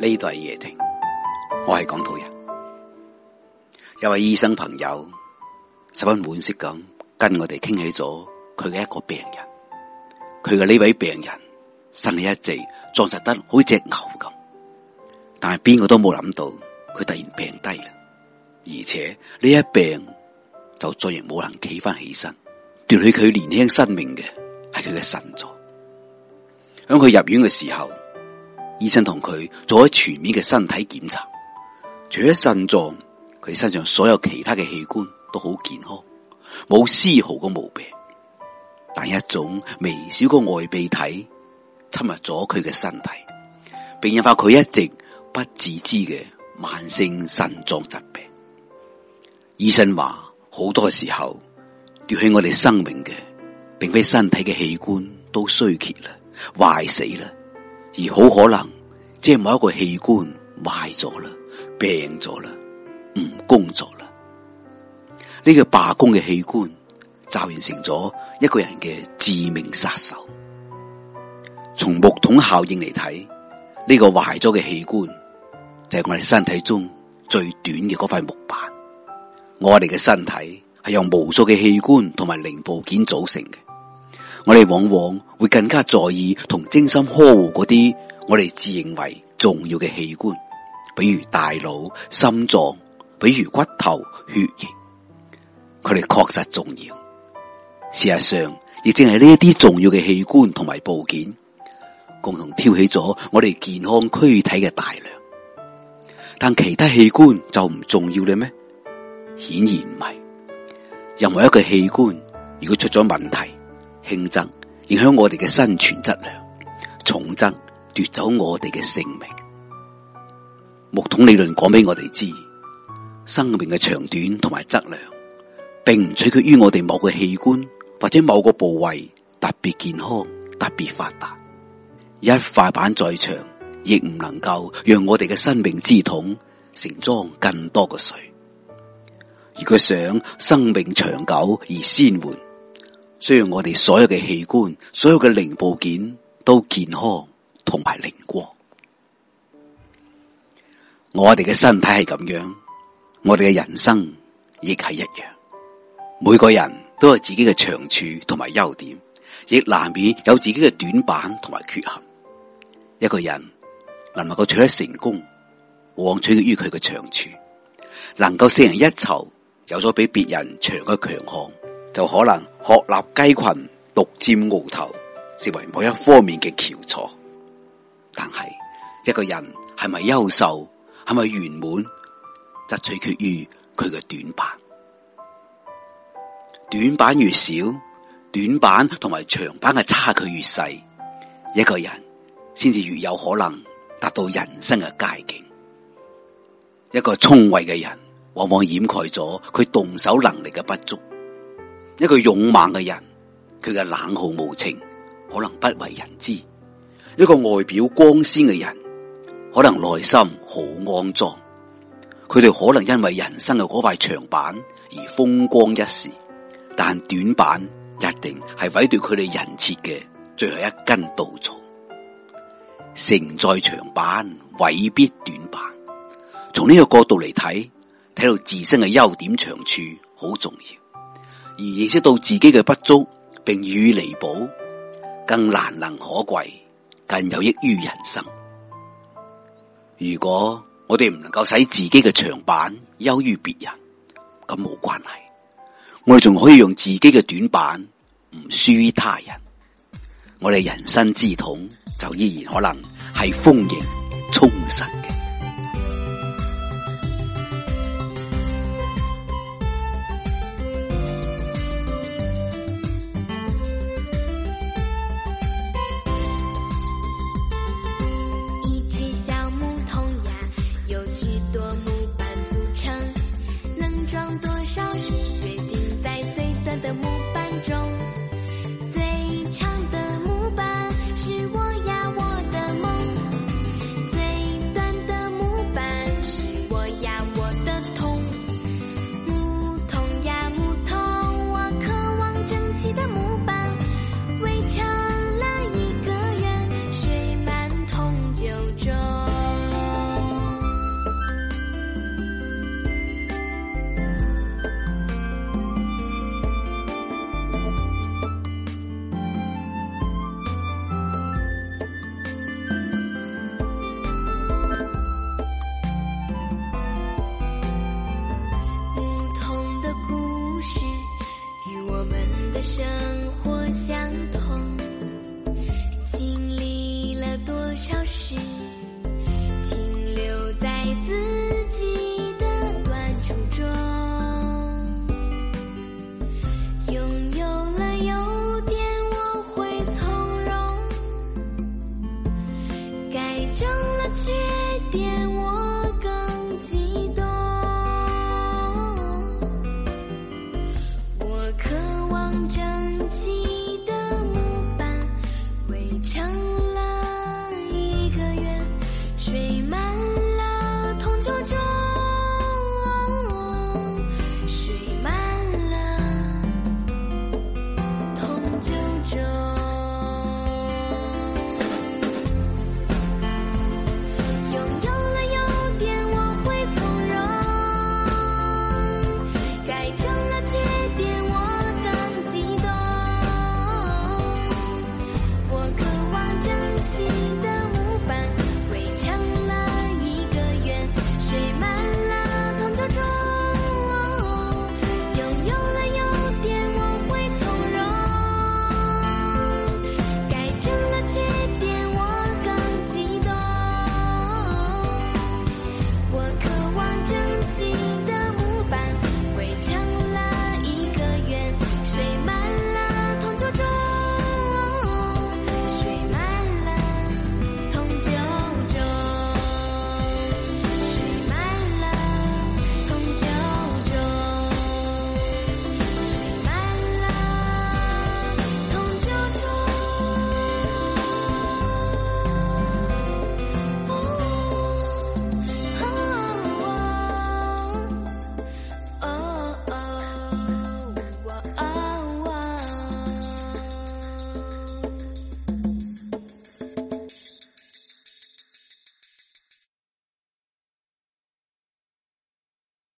呢度係夜聽，我係港土人。一位醫生朋友十分惋惜咁跟我哋傾起咗佢嘅一個病人，佢嘅呢位病人身體一直壯實得好似隻牛咁，但係邊個都冇諗到佢突然病低啦，而且呢一病就再亦冇能企翻起身，奪去佢年輕生命嘅係佢嘅腎臟。響佢入院嘅時候，醫生同佢做咗全面嘅身體檢查，除咗腎臟，佢身上所有其他嘅器官都好健康，冇絲毫嘅毛病。但一種微小嘅外泌體侵入咗佢嘅身體，並引發佢一直不自知嘅慢性腎臟疾病。醫生話，好多時候奪去我哋生命嘅，並非身體嘅器官都衰竭啦、壞死啦。而好可能，即係某一個器官壞咗啦，病咗啦，唔工作啦。呢、這個罷工嘅器官，就完成咗一個人嘅致命殺手。從木桶效應嚟睇，呢、這個壞咗嘅器官就係、是、我哋身體中最短嘅嗰塊木板。我哋嘅身體係由無數嘅器官同埋零部件組成嘅。我哋往往會更加在意同精心呵護嗰啲我哋自認為重要嘅器官，比如大腦、心臟，比如骨頭、血液，佢哋確實重要。事實上，亦正係呢一啲重要嘅器官同埋部件，共同挑起咗我哋健康軀體嘅大梁，但其他器官就唔重要嘞咩？顯然唔係。任何一個器官如果出咗問題，輕則影響我哋嘅生存質量，重則奪走我哋嘅性命。木桶理論講俾我哋知，生命嘅長短同埋質量，並唔取決於我哋某個器官或者某個部位特別健康、特別發達。一塊板再長，亦唔能夠讓我哋嘅生命之桶盛裝更多嘅水。而佢想生命長久而鮮緩。雖然我哋所有嘅器官、所有嘅零部件都健康同埋靈光，我哋嘅身體係咁樣，我哋嘅人生亦係一樣。每個人都有自己嘅長處同埋優點，亦難免有自己嘅短板同埋缺陷。一個人能能夠取得成功，往往取決於佢嘅長處，能夠勝人一籌，有咗比別人長嘅強項。就可能鶴立雞群、獨占鰲頭，成為某一方面嘅翹楚。但係一個人係咪優秀、係咪圓滿，則取決於佢嘅短板。短板越少，短板同埋長板嘅差距越細，一個人先至越有可能達到人生嘅佳境。一個聰慧嘅人，往往掩蓋咗佢動手能力嘅不足。一個勇猛嘅人，佢嘅冷酷無情可能不為人知；一個外表光鮮嘅人，可能內心好骯髒。佢哋可能因為人生嘅嗰塊長板而風光一時，但短板一定係毀掉佢哋人設嘅最後一根稻草。成在長板，毀必短板。從呢個角度嚟睇，睇到自身嘅優點長處好重要。而認識到自己嘅不足，並予彌補，更難能可貴，更有益於人生。如果我哋唔能夠使自己嘅長板優於別人，咁冇關係，我哋仲可以用自己嘅短板唔輸於他人。我哋人生之桶就依然可能係豐盈充實。是。